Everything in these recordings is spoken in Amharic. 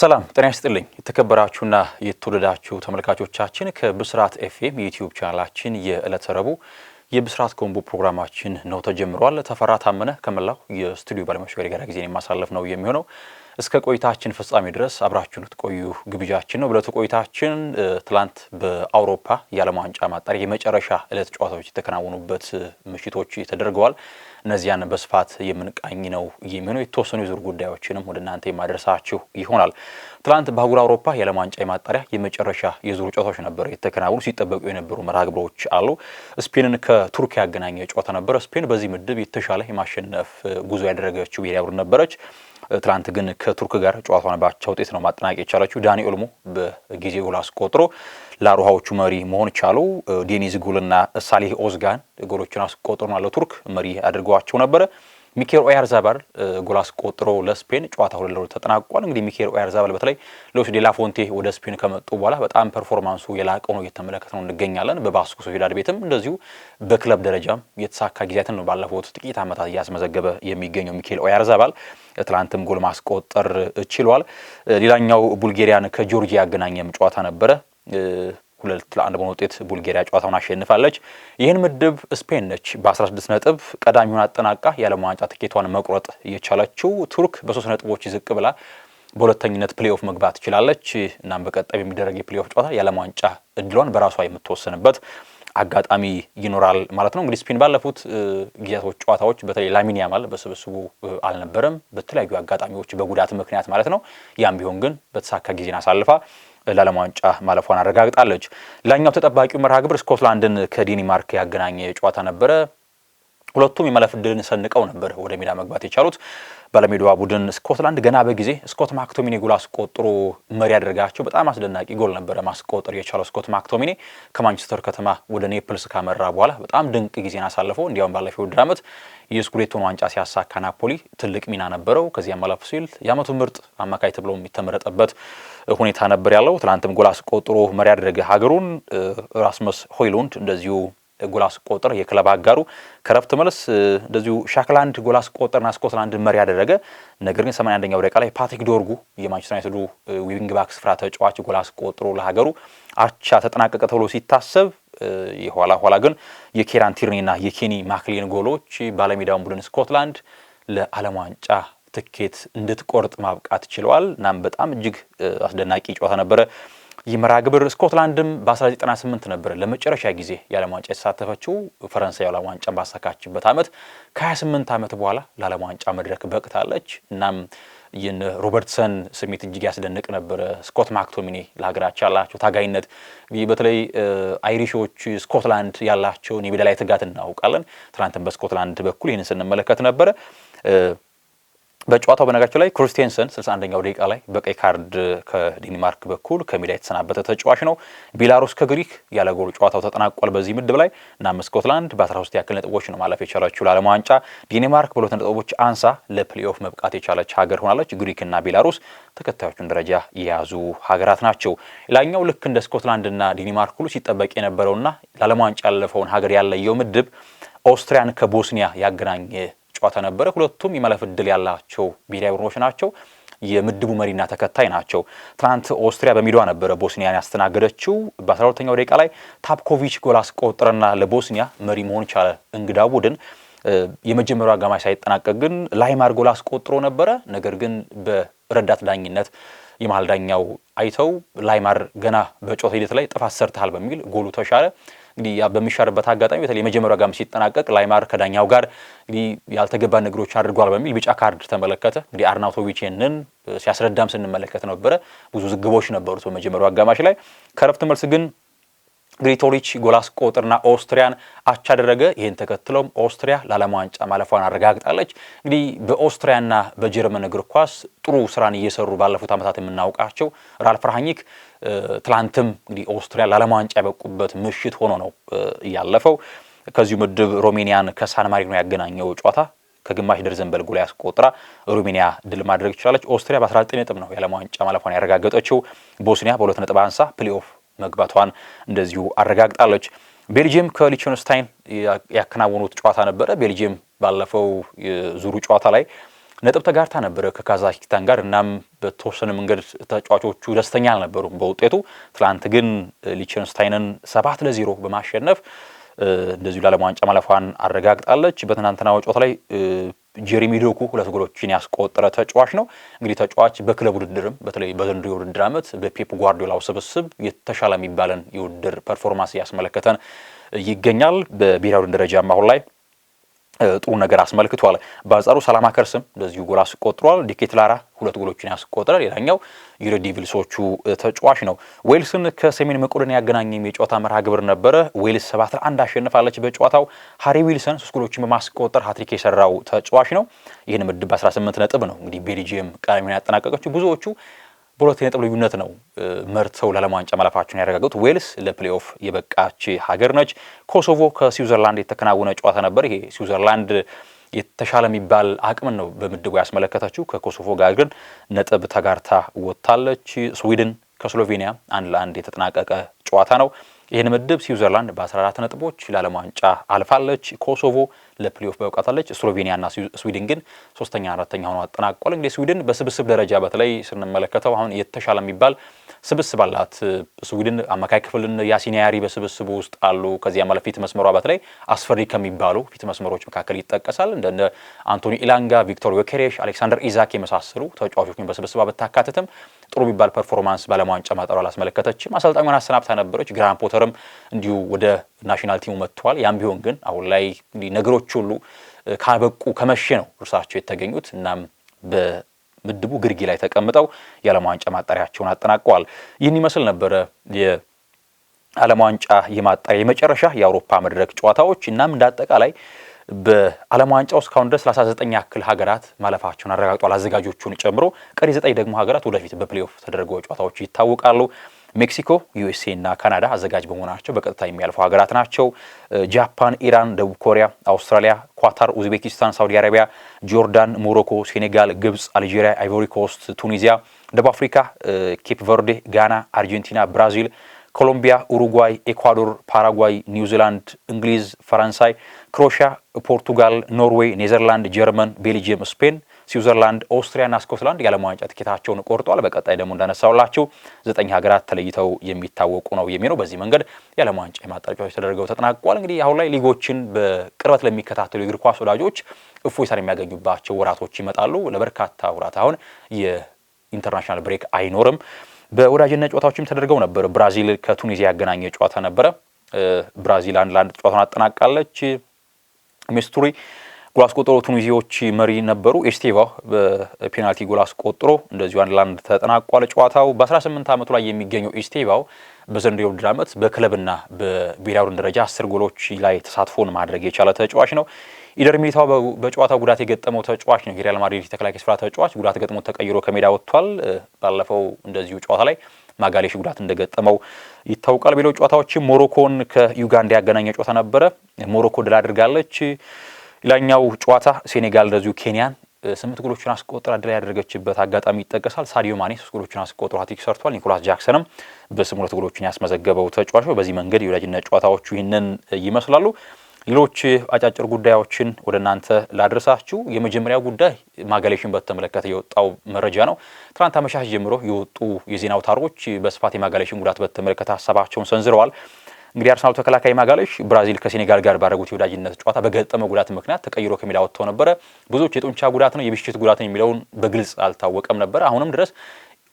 ሰላም ጤና ይስጥልኝ። የተከበራችሁና የተወደዳችሁ ተመልካቾቻችን ከብስራት ኤፍኤም የዩትዩብ ቻናላችን የዕለተ ረቡዕ የብስራት ኮምቦ ፕሮግራማችን ነው ተጀምሯል። ተፈራ ታመነ ከመላው የስቱዲዮ ባለሙያዎች ጋር የጋራ ጊዜን የማሳለፍ ነው የሚሆነው። እስከ ቆይታችን ፍጻሜ ድረስ አብራችሁን ትቆዩ ግብዣችን ነው። በዕለቱ ቆይታችን ትላንት በአውሮፓ የዓለም ዋንጫ ማጣሪያ የመጨረሻ ዕለት ጨዋታዎች የተከናወኑበት ምሽቶች ተደርገዋል። እነዚያን በስፋት የምንቃኝ ነው የሚሆነው። የተወሰኑ የዙር ጉዳዮችንም ወደ እናንተ የማደርሳችሁ ይሆናል። ትላንት በአህጉር አውሮፓ የዓለም ዋንጫ የማጣሪያ የመጨረሻ የዙር ጨዋታዎች ነበር የተከናወኑ። ሲጠበቁ የነበሩ መርሃ ግብሮች አሉ። ስፔንን ከቱርክ ያገናኘ ጨዋታ ነበረ። ስፔን በዚህ ምድብ የተሻለ የማሸነፍ ጉዞ ያደረገችው ብሔራዊ ቡድን ነበረች። ትናንት ግን ከቱርክ ጋር ጨዋታውን ባቻ ውጤት ነው ማጠናቀቅ የቻለችው። ዳኒ ኦልሞ በጊዜ ጎል አስቆጥሮ ለአሮሃዎቹ መሪ መሆን ቻሉ። ዴኒዝ ጉልና ሳሌህ ኦዝጋን ጎሎችን አስቆጥሮ ቱርክ መሪ አድርገዋቸው ነበረ። ሚኬል ኦያርዛባል ጎል አስቆጥሮ ለስፔን ጨዋታ ሁለት ለሁለት ተጠናቋል። እንግዲህ ሚኬል ኦያርዛባል በተለይ ሉዊስ ዴላፎንቴ ወደ ስፔን ከመጡ በኋላ በጣም ፐርፎርማንሱ የላቀው ነው እየተመለከት ነው እንገኛለን። በባስኩ ሶሲዳድ ቤትም እንደዚሁ በክለብ ደረጃም የተሳካ ጊዜያትን ነው ባለፉት ጥቂት ዓመታት እያስመዘገበ የሚገኘው ሚኬል ኦያርዛባል ትላንትም ጎል ማስቆጠር ችሏል። ሌላኛው ቡልጌሪያን ከጆርጂያ ያገናኘም ጨዋታ ነበረ። ሁለት ለአንድ በሆነ ውጤት ቡልጌሪያ ጨዋታውን አሸንፋለች። ይህን ምድብ ስፔን ነች በ16 ነጥብ ቀዳሚውን አጠናቃ የዓለም ዋንጫ ትኬቷን መቁረጥ እየቻለችው። ቱርክ በሶስት ነጥቦች ዝቅ ብላ በሁለተኝነት ፕሌኦፍ መግባት ትችላለች። እናም በቀጣይ የሚደረግ የፕሌኦፍ ጨዋታ የዓለም ዋንጫ እድሏን በራሷ የምትወስንበት አጋጣሚ ይኖራል ማለት ነው። እንግዲህ ስፔን ባለፉት ጊዜያቶች ጨዋታዎች በተለይ ላሚን ያማል በስብስቡ አልነበረም፣ በተለያዩ አጋጣሚዎች በጉዳት ምክንያት ማለት ነው። ያም ቢሆን ግን በተሳካ ጊዜን አሳልፋ ለዓለም ዋንጫ ማለፏን አረጋግጣለች። ሌላኛው ተጠባቂው መርሃ ግብር ስኮትላንድን ከዴንማርክ ያገናኘ ጨዋታ ነበረ። ሁለቱም የማለፍ ዕድልን ሰንቀው ነበር ወደ ሜዳ መግባት የቻሉት። ባለሜዳዋ ቡድን ስኮትላንድ ገና በጊዜ ስኮት ማክቶሚኒ ጎል አስቆጥሮ መሪ ያደርጋቸው በጣም አስደናቂ ጎል ነበረ ማስቆጠር የቻለው ስኮት ማክቶሚኒ ከማንቸስተር ከተማ ወደ ኔፕልስ ካመራ በኋላ በጣም ድንቅ ጊዜን አሳልፈው እንዲያውም ባለፈው ውድድር ዓመት የስኩዴቶን ዋንጫ ሲያሳካ ናፖሊ ትልቅ ሚና ነበረው። ከዚያም አለፍ ሲል የዓመቱ ምርጥ አማካይ ተብሎ የሚተመረጠበት ሁኔታ ነበር ያለው። ትናንትም ጎል አስቆጥሮ መሪ ያደረገ ሀገሩን ራስመስ ሆይሉንድ እንደዚሁ ጎል አስቆጠር። የክለብ አጋሩ ከረፍት መልስ እንደዚሁ ሻክላንድ ጎል አስቆጠርና ስኮትላንድ መሪ ያደረገ፣ ነገር ግን 81ኛው ደቂቃ ላይ ፓትሪክ ዶርጉ የማንቸስተር ዩናይትዱ ዊንግ ባክ ስፍራ ተጫዋች ጎል አስቆጥሮ ለሀገሩ አቻ ተጠናቀቀ ተብሎ ሲታሰብ የኋላ ኋላ ግን የኬራን ቲርኒና የኬኒ ማክሊን ጎሎች ባለሜዳውን ቡድን ስኮትላንድ ለዓለም ዋንጫ ትኬት እንድትቆርጥ ማብቃት ችለዋል። እናም በጣም እጅግ አስደናቂ ጨዋታ ነበረ። ይህ መርሃ ግብር ስኮትላንድም በ1998 ነበር ለመጨረሻ ጊዜ የዓለም ዋንጫ የተሳተፈችው። ፈረንሳይ የዓለም ዋንጫ ባሳካችበት ዓመት ከ28 ዓመት በኋላ ለዓለም ዋንጫ መድረክ በቅታለች። እናም ይህን ሮበርትሰን ስሜት እጅግ ያስደንቅ ነበረ። ስኮት ማክቶሚኒ ለሀገራቸው ያላቸው ታጋይነት፣ በተለይ አይሪሾች ስኮትላንድ ያላቸውን የሜዳ ላይ ትጋት እናውቃለን። ትናንትም በስኮትላንድ በኩል ይህን ስንመለከት ነበረ። በጨዋታው በነጋቸው ላይ ክሪስቲንሰን 61ኛው ደቂቃ ላይ በቀይ ካርድ ከዲንማርክ በኩል ከሜዳ የተሰናበተ ተጫዋች ነው። ቤላሩስ ከግሪክ ያለ ጎል ጨዋታው ተጠናቋል። በዚህ ምድብ ላይ እናም ስኮትላንድ በ13 ያክል ነጥቦች ነው ማለፍ የቻለችው ለዓለም ዋንጫ። ዴንማርክ በሁለት ነጥቦች አንሳ ለፕሌኦፍ መብቃት የቻለች ሀገር ሆናለች። ግሪክና ቤላሩስ ተከታዮቹን ደረጃ የያዙ ሀገራት ናቸው። ሌላኛው ልክ እንደ ስኮትላንድና ዲንማርክ ሁሉ ሲጠበቅ የነበረውና ለዓለም ዋንጫ ያለፈውን ሀገር ያለየው ምድብ ኦስትሪያን ከቦስኒያ ያገናኘ ጨዋታ ነበረ። ሁለቱም የማለፍ እድል ያላቸው ብሔራዊ ቡድኖች ናቸው። የምድቡ መሪና ተከታይ ናቸው። ትናንት ኦስትሪያ በሜዳዋ ነበረ ቦስኒያን ያስተናገደችው። 12 ደቂቃ ላይ ታፕኮቪች ጎል አስቆጠረና ለቦስኒያ መሪ መሆን ቻለ እንግዳ ቡድን። የመጀመሪያው አጋማሽ ሳይጠናቀቅ ግን ላይማር ጎል አስቆጥሮ ነበረ። ነገር ግን በረዳት ዳኝነት የመሀል ዳኛው አይተው ላይማር ገና በጨዋታ ሂደት ላይ ጥፋት ሰርተሃል በሚል ጎሉ ተሻለ። እንግዲህ ያ በሚሻርበት አጋጣሚ በተለይ የመጀመሪያው ጋም ሲጠናቀቅ ላይማር ከዳኛው ጋር እንግዲህ ያልተገባ ነገሮች አድርጓል በሚል ቢጫ ካርድ ተመለከተ። እንግዲህ አርናውቶቪች ይህንን ሲያስረዳም ስንመለከት ነበረ። ብዙ ዝግቦች ነበሩት በመጀመሪያው አጋማሽ ላይ። ከረፍት መልስ ግን ግሪቶሪች ጎላስ ቆጥርና ኦስትሪያን አቻ አደረገ። ይህን ተከትሎም ኦስትሪያ ለዓለም ዋንጫ ማለፏን አረጋግጣለች። እንግዲህ በኦስትሪያና በጀርመን እግር ኳስ ጥሩ ስራን እየሰሩ ባለፉት ዓመታት የምናውቃቸው ራልፍ ራሃኒክ ትላንትም እንግዲህ ኦስትሪያ ለዓለም ዋንጫ ያበቁበት ምሽት ሆኖ ነው እያለፈው። ከዚሁ ምድብ ሮሜኒያን ከሳን ማሪኖ ያገናኘው ጨዋታ ከግማሽ ደርዘን በልጎ ላይ አስቆጥራ ሩሜኒያ ድል ማድረግ ይችላለች። ኦስትሪያ በ19 ነጥብ ነው የዓለም ዋንጫ ማለፏን ያረጋገጠችው። ቦስኒያ በሁለት ነጥብ አንሳ ፕሌኦፍ መግባቷን እንደዚሁ አረጋግጣለች። ቤልጅየም ከሊቸንስታይን ያከናወኑት ጨዋታ ነበረ። ቤልጅየም ባለፈው ዙሩ ጨዋታ ላይ ነጥብ ተጋርታ ነበረ ከካዛኪስታን ጋር። እናም በተወሰነ መንገድ ተጫዋቾቹ ደስተኛ አልነበሩም በውጤቱ። ትላንት ግን ሊቸንስታይንን ሰባት ለዜሮ በማሸነፍ እንደዚሁ ለዓለም ዋንጫ ማለፏን አረጋግጣለች። በትናንትናው ጨዋታ ላይ ጀሪሚ ዶኩ ሁለት ጎሎችን ያስቆጠረ ተጫዋች ነው። እንግዲህ ተጫዋች በክለብ ውድድርም በተለይ በዘንድሮ የውድድር ዓመት በፔፕ ጓርዲዮላው ስብስብ የተሻለ የሚባለን የውድድር ፐርፎርማንስ እያስመለከተን ይገኛል። በብሔራዊ ቡድን ደረጃም አሁን ላይ ጥሩ ነገር አስመልክቷል። በአንጻሩ ሰላማ ከርስም እንደዚሁ ጎል አስቆጥሯል። ዲኬት ላራ ሁለት ጎሎችን ያስቆጠረ ሌላኛው የሬድቪልሶቹ ተጫዋች ነው። ዌልስን ከሰሜን መቆደን ያገናኘም የጨዋታ መርሃ ግብር ነበረ። ዌልስ ሰባት ለአንድ አሸንፋለች በጨዋታው ሃሪ ዊልሰን ሶስት ጎሎችን በማስቆጠር ሀትሪክ የሰራው ተጫዋች ነው። ይህን ምድብ 18 ነጥብ ነው እንግዲህ ቤልጅየም ቀዳሚውን ያጠናቀቀችው ብዙዎቹ በሁለት የነጥብ ልዩነት ነው መርተው ለዓለም ዋንጫ ማለፋቸውን ያረጋገጡት። ዌልስ ለፕሌኦፍ የበቃች ሀገር ነች። ኮሶቮ ከስዊዘርላንድ የተከናወነ ጨዋታ ነበር። ይሄ ስዊዘርላንድ የተሻለ የሚባል አቅምን ነው በምድቡ ያስመለከተችው። ከኮሶቮ ጋር ግን ነጥብ ተጋርታ ወጥታለች። ስዊድን ከስሎቬኒያ አንድ ለአንድ የተጠናቀቀ ጨዋታ ነው። ይህን ምድብ ስዊዘርላንድ በ14 ነጥቦች ለዓለም ዋንጫ አልፋለች። ኮሶቮ ለፕሌኦፍ በብቃታለች። ስሎቬኒያና ስዊድን ግን ሶስተኛ፣ አራተኛ ሆኖ አጠናቋል። እንግዲህ ስዊድን በስብስብ ደረጃ በተለይ ስንመለከተው አሁን የተሻለ የሚባል ስብስብ አላት። ስዊድን አማካይ ክፍልን ያሲን ያሪ በስብስቡ ውስጥ አሉ። ከዚያ ማለት ፊት አባት ላይ አስፈሪ ከሚባሉ ፊት መስመሮች መካከል ይጠቀሳል። እንደ አንቶኒ ኢላንጋ፣ ቪክቶር ዮኬሬሽ፣ አሌክሳንደር ኢዛክ የመሳሰሉ ተጫዋቾችን በስብስባ ብታካትትም ጥሩ የሚባል ፐርፎርማንስ በዓለም ዋንጫ ማጣሯ አላስመለከተችም። አሰልጣኟን አሰናብታ ነበረች። ግራን ፖተርም እንዲሁ ወደ ናሽናል ቲሙ መጥተዋል። ያም ቢሆን ግን አሁን ላይ ነገሮች ሁሉ ካበቁ ከመሸ ነው እርሳቸው የተገኙት እናም ምድቡ ግርጌ ላይ ተቀምጠው የዓለም ዋንጫ ማጣሪያቸውን አጠናቀዋል። ይህን ይመስል ነበረ የዓለም ዋንጫ የማጣሪያ የመጨረሻ የአውሮፓ መድረክ ጨዋታዎች። እናም እንደ አጠቃላይ በዓለም ውስጥ እስካሁን ድረስ 39 ያክል ሀገራት ማለፋቸውን አረጋግጧል፣ አዘጋጆቹን ጨምሮ። ቀሪ ዘጠኝ ደግሞ ሀገራት ወደፊት በፕሌኦፍ ተደርገው ጨዋታዎች ይታወቃሉ። ሜክሲኮ፣ ዩኤስኤ እና ካናዳ አዘጋጅ በመሆናቸው በቀጥታ የሚያልፉ ሀገራት ናቸው። ጃፓን፣ ኢራን፣ ደቡብ ኮሪያ፣ አውስትራሊያ፣ ኳታር፣ ኡዝቤኪስታን፣ ሳውዲ አረቢያ፣ ጆርዳን፣ ሞሮኮ፣ ሴኔጋል፣ ግብጽ፣ አልጄሪያ፣ አይቮሪ ኮስት፣ ቱኒዚያ፣ ደቡብ አፍሪካ፣ ኬፕ ቨርዴ፣ ጋና፣ አርጀንቲና፣ ብራዚል ኮሎምቢያ፣ ኡሩጓይ፣ ኤኳዶር፣ ፓራጓይ፣ ኒውዚላንድ፣ እንግሊዝ፣ ፈረንሳይ፣ ክሮሽያ፣ ፖርቱጋል፣ ኖርዌይ፣ ኔዘርላንድ፣ ጀርመን፣ ቤልጅየም፣ ስፔን ስዊዘርላንድ፣ ኦስትሪያና ስኮትላንድ የዓለም ዋንጫ ትኬታቸውን ቆርጠዋል። በቀጣይ ደግሞ እንዳነሳውላችሁ ዘጠኝ ሀገራት ተለይተው የሚታወቁ ነው የሚሆነው። በዚህ መንገድ የዓለም ዋንጫ የማጣሪያዎች ተደርገው ተጠናቋል። እንግዲህ አሁን ላይ ሊጎችን በቅርበት ለሚከታተሉ የእግር ኳስ ወዳጆች እፎይታን የሚያገኙባቸው ወራቶች ይመጣሉ። ለበርካታ ወራት አሁን የኢንተርናሽናል ብሬክ አይኖርም። በወዳጅነት ጨዋታዎችም ተደርገው ነበር። ብራዚል ከቱኒዚያ ያገናኘ ጨዋታ ነበረ። ብራዚል አንድ ለአንድ ጨዋታውን አጠናቃለች። ሚስቱሪ ጎል አስቆጥሮ ቱኒዚዎች መሪ ነበሩ። ኤስቴቫ በፔናልቲ ጎል አስቆጥሮ እንደዚሁ አንድ ለአንድ ተጠናቋል ጨዋታው። በ18 ዓመቱ ላይ የሚገኘው ኤስቴቫው በዘንድሮ የውድድር ዓመት በክለብና በብሔራዊ ቡድን ደረጃ አስር ጎሎች ላይ ተሳትፎን ማድረግ የቻለ ተጫዋች ነው። ኢደር ሚሊታው በጨዋታው ጉዳት የገጠመው ተጫዋች ነው። የሪያል ማድሪድ የተከላካይ ስፍራ ተጫዋች ጉዳት ገጥሞ ተቀይሮ ከሜዳ ወጥቷል። ባለፈው እንደዚሁ ጨዋታ ላይ ማጋሌሽ ጉዳት እንደገጠመው ይታወቃል። በሌሎች ጨዋታዎችም ሞሮኮን ከዩጋንዳ ያገናኘ ጨዋታ ነበረ። ሞሮኮ ድል አድርጋለች። ሌላኛው ጨዋታ ሴኔጋል እንደዚሁ ኬንያን ስምንት ጎሎችን አስቆጥራ ድል ያደረገችበት አጋጣሚ ይጠቀሳል። ሳዲዮ ማኔ ሶስት ጎሎችን አስቆጥሮ ሃትሪክ ሰርቷል። ኒኮላስ ጃክሰንም በስም ሁለት ጎሎችን ያስመዘገበው ተጫዋች ነው። በዚህ መንገድ የወዳጅነት ጨዋታዎቹ ይህንን ይመስላሉ። ሌሎች አጫጭር ጉዳዮችን ወደ እናንተ ላድረሳችሁ። የመጀመሪያው ጉዳይ ማጋሌሽን በተመለከተ የወጣው መረጃ ነው። ትናንት አመሻሽ ጀምሮ የወጡ የዜና አውታሮች በስፋት የማጋሌሽን ጉዳት በተመለከተ ሀሳባቸውን ሰንዝረዋል። እንግዲህ አርሰናል ተከላካይ ማጋለሽ ብራዚል ከሴኔጋል ጋር ባደረጉት የወዳጅነት ጨዋታ በገጠመ ጉዳት ምክንያት ተቀይሮ ከሜዳ ወጥተው ነበረ። ብዙዎች የጡንቻ ጉዳት ነው የብሽት ጉዳት ነው የሚለውን በግልጽ አልታወቀም ነበረ። አሁንም ድረስ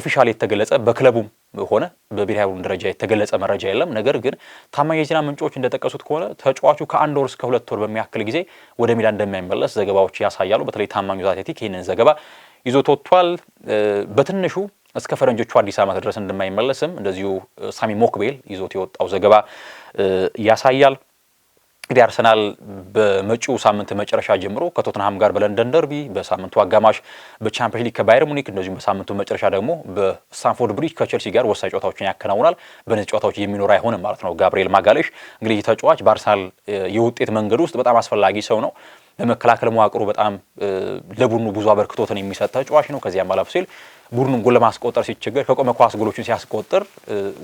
ኦፊሻል የተገለጸ በክለቡም ሆነ በብሔራዊ ደረጃ የተገለጸ መረጃ የለም። ነገር ግን ታማኝ የዜና ምንጮች እንደጠቀሱት ከሆነ ተጫዋቹ ከአንድ ወር እስከ ሁለት ወር በሚያክል ጊዜ ወደ ሜዳ እንደማይመለስ ዘገባዎች ያሳያሉ። በተለይ ታማኙ ዛቴቲክ ይህንን ዘገባ ይዞት ወጥቷል። በትንሹ እስከ ፈረንጆቹ አዲስ ዓመት ድረስ እንደማይመለስም እንደዚሁ ሳሚ ሞክቤል ይዞት የወጣው ዘገባ ያሳያል። እንግዲህ አርሰናል በመጪው ሳምንት መጨረሻ ጀምሮ ከቶትንሃም ጋር በለንደን ደርቢ፣ በሳምንቱ አጋማሽ በቻምፒዮንስ ሊግ ከባየር ሙኒክ እንደዚሁም በሳምንቱ መጨረሻ ደግሞ በስታንፎርድ ብሪጅ ከቸልሲ ጋር ወሳኝ ጨዋታዎችን ያከናውናል። በነዚህ ጨዋታዎች የሚኖር አይሆንም ማለት ነው። ጋብርኤል ማጋሌሽ እንግዲህ ተጫዋች በአርሰናል የውጤት መንገድ ውስጥ በጣም አስፈላጊ ሰው ነው። በመከላከል መዋቅሩ በጣም ለቡድኑ ብዙ አበርክቶትን የሚሰጥ ተጫዋች ነው። ከዚያም አለፍ ሲል ቡድኑን ጎል ለማስቆጠር ሲቸገር ከቆመ ኳስ ጎሎችን ሲያስቆጥር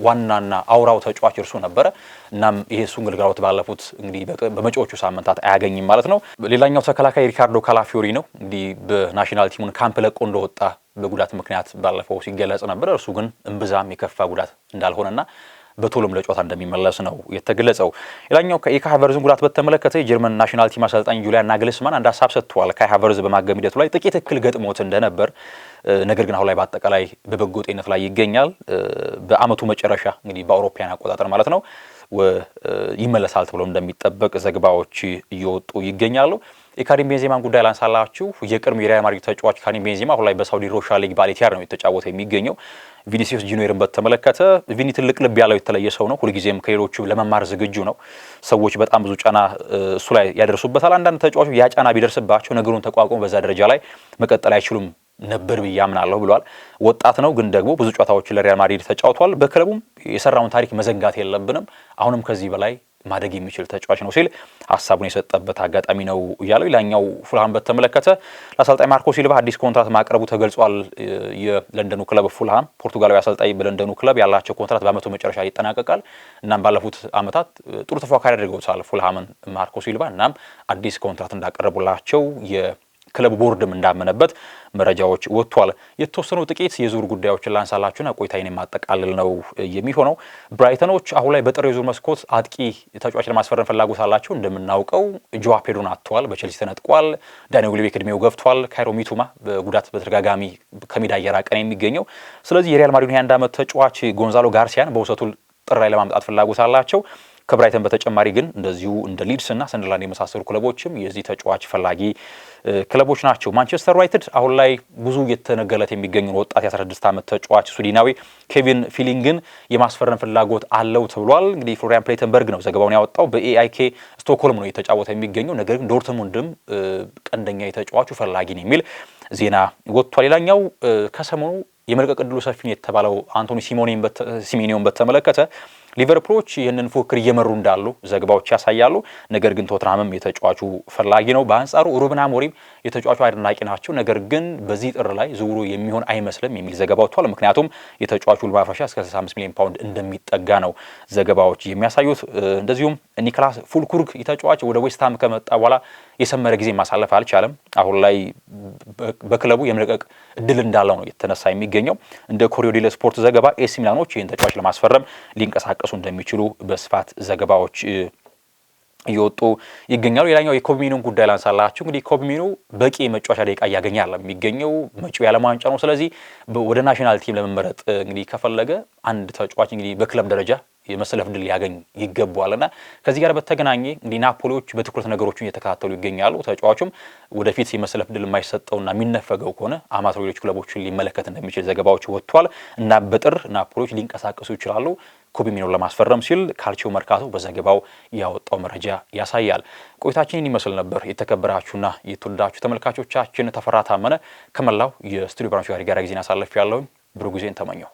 ዋናና አውራው ተጫዋች እርሱ ነበረ። እናም ይሄ እሱን ግልጋሎት ባለፉት እንግዲህ በመጪዎቹ ሳምንታት አያገኝም ማለት ነው። ሌላኛው ተከላካይ ሪካርዶ ካላፊዮሪ ነው። እንግዲህ በናሽናል ቲሙን ካምፕ ለቆ እንደወጣ በጉዳት ምክንያት ባለፈው ሲገለጽ ነበር። እርሱ ግን እምብዛም የከፋ ጉዳት እንዳልሆነና በቶሎም ለጨዋታ እንደሚመለስ ነው የተገለጸው። ሌላኛው የካይ ሃቨርዝን ጉዳት በተመለከተ የጀርመን ናሽናል ቲም አሰልጣኝ ጁሊያን ናግልስማን አንድ ሀሳብ ሰጥተዋል። ካይ ሃቨርዝ በማገም ሂደቱ ላይ ጥቂት እክል ገጥሞት እንደነበር ነገር ግን አሁን ላይ በአጠቃላይ በበጎ ጤነት ላይ ይገኛል። በአመቱ መጨረሻ እንግዲህ በአውሮፓያን አቆጣጠር ማለት ነው ይመለሳል ተብሎ እንደሚጠበቅ ዘገባዎች እየወጡ ይገኛሉ። የካሪም ቤንዜማን ጉዳይ ላንሳላችሁ። የቅድሞ የሪያል ማድሪድ ተጫዋች ካሪም ቤንዜማ አሁን ላይ በሳውዲ ሮሻ ሊግ ባሌቲያር ነው የተጫወተ የሚገኘው። ቪኒሲዮስ ጁኒየርን በተመለከተ ቪኒ ትልቅ ልብ ያለው የተለየ ሰው ነው። ሁልጊዜም ከሌሎቹ ለመማር ዝግጁ ነው። ሰዎች በጣም ብዙ ጫና እሱ ላይ ያደርሱበታል። አንዳንድ ተጫዋቾች ያ ጫና ቢደርስባቸው ነገሩን ተቋቁሞ በዛ ደረጃ ላይ መቀጠል አይችሉም ነበር ብዬ አምናለሁ ብሏል። ወጣት ነው ግን ደግሞ ብዙ ጨዋታዎችን ለሪያል ማድሪድ ተጫውቷል። በክለቡም የሰራውን ታሪክ መዘንጋት የለብንም። አሁንም ከዚህ በላይ ማደግ የሚችል ተጫዋች ነው ሲል ሀሳቡን የሰጠበት አጋጣሚ ነው እያለው። ሌላኛው ፉልሃም በተመለከተ ለአሰልጣኝ ማርኮ ሲልቫ አዲስ ኮንትራት ማቅረቡ ተገልጿል። የለንደኑ ክለብ ፉልሃም ፖርቱጋላዊ አሰልጣኝ በለንደኑ ክለብ ያላቸው ኮንትራት በአመቱ መጨረሻ ይጠናቀቃል። እናም ባለፉት አመታት ጥሩ ተፎካካሪ አድርገውታል ፉልሃምን ማርኮ ሲልቫ። እናም አዲስ ኮንትራት እንዳቀረቡላቸው ክለብ ቦርድም እንዳመነበት መረጃዎች ወጥቷል። የተወሰኑ ጥቂት የዙር ጉዳዮችን ላንሳላችሁና ቆይታዬን የማጠቃልል ነው የሚሆነው። ብራይተኖች አሁን ላይ በጥር የዙር መስኮት አጥቂ ተጫዋች ለማስፈረም ፍላጎት አላቸው። እንደምናውቀው ጆዋ ፔዶን አጥተዋል፣ በቼልሲ ተነጥቋል። ዳኒ ዌልቤክ ዕድሜው ገብቷል። ካይሮ ሚቱማ በጉዳት በተደጋጋሚ ከሜዳ እየራቀ ነው የሚገኘው። ስለዚህ የሪያል ማድሪድ የአንድ ዓመት ተጫዋች ጎንዛሎ ጋርሲያን በውሰቱ ጥር ላይ ለማምጣት ፍላጎት አላቸው። ከብራይተን በተጨማሪ ግን እንደዚሁ እንደ ሊድስ እና ሰንደርላንድ የመሳሰሉ ክለቦችም የዚህ ተጫዋች ፈላጊ ክለቦች ናቸው። ማንቸስተር ዩናይትድ አሁን ላይ ብዙ እየተነገለት የሚገኙ ወጣት የ16 ዓመት ተጫዋች ሱዲናዊ ኬቪን ፊሊንግን የማስፈረም ፍላጎት አለው ተብሏል። እንግዲህ ፍሎሪያን ፕሌተንበርግ ነው ዘገባውን ያወጣው። በኤአይኬ ስቶክሆልም ነው የተጫወተ የሚገኘው። ነገር ግን ዶርትሙንድም ቀንደኛ የተጫዋቹ ፈላጊ ነው የሚል ዜና ወጥቷል። ሌላኛው ከሰሞኑ የመልቀቅ ዕድሉ ሰፊ ነው የተባለው አንቶኒ ሲሜኒዮን በተመለከተ ሊቨርፑሎች ይህንን ፉክክር እየመሩ እንዳሉ ዘገባዎች ያሳያሉ። ነገር ግን ቶትናምም የተጫዋቹ ፈላጊ ነው። በአንጻሩ ሩበን አሞሪም የተጫዋቹ አድናቂ ናቸው። ነገር ግን በዚህ ጥር ላይ ዝውውሩ የሚሆን አይመስልም የሚል ዘገባ ወጥቷል። ምክንያቱም የተጫዋቹ ውል ማፍረሻ እስከ 65 ሚሊዮን ፓውንድ እንደሚጠጋ ነው ዘገባዎች የሚያሳዩት። እንደዚሁም ኒክላስ ፉልኩርግ የተጫዋች ወደ ዌስትሃም ከመጣ በኋላ የሰመረ ጊዜ ማሳለፍ አልቻለም። አሁን ላይ በክለቡ የመለቀቅ እድል እንዳለው ነው የተነሳ የሚገኘው። እንደ ኮሪዮ ዴሎ ስፖርት ዘገባ ኤሲ ሚላኖች ይህን ተጫዋች ለማስፈረም ሊንቀሳቀሱ እንደሚችሉ በስፋት ዘገባዎች እየወጡ ይገኛሉ። ሌላኛው የኮቢ ጉዳይ ላንሳላችሁ። እንግዲህ ኮቢ በቂ የመጫወቻ ደቂቃ እያገኘ አይደለም የሚገኘው፣ መጪው የዓለም ዋንጫ ነው። ስለዚህ ወደ ናሽናል ቲም ለመመረጥ እንግዲህ ከፈለገ አንድ ተጫዋች እንግዲህ በክለብ ደረጃ የመሰለፍ ድል ሊያገኝ ይገባዋልና ከዚህ ጋር በተገናኘ እንዲህ ናፖሊዎች በትኩረት ነገሮችን እየተከታተሉ ይገኛሉ። ተጫዋቹም ወደፊት የመሰለፍ ድል የማይሰጠውና የሚነፈገው ከሆነ አማትሮ ሌሎች ክለቦችን ሊመለከት እንደሚችል ዘገባዎች ወጥቷል እና በጥር ናፖሊዎች ሊንቀሳቀሱ ይችላሉ ኮቢ ሚኖ ለማስፈረም ሲል ካልቺዮ መርካቶ በዘገባው ያወጣው መረጃ ያሳያል። ቆይታችን ይመስል ነበር። የተከበራችሁና የተወደዳችሁ ተመልካቾቻችን ተፈራ ታመነ ከመላው የስቱዲዮ ብራንች ጋር ጋር ጊዜን አሳለፍ ያለውን ብሩ ጊዜን ተመኘው።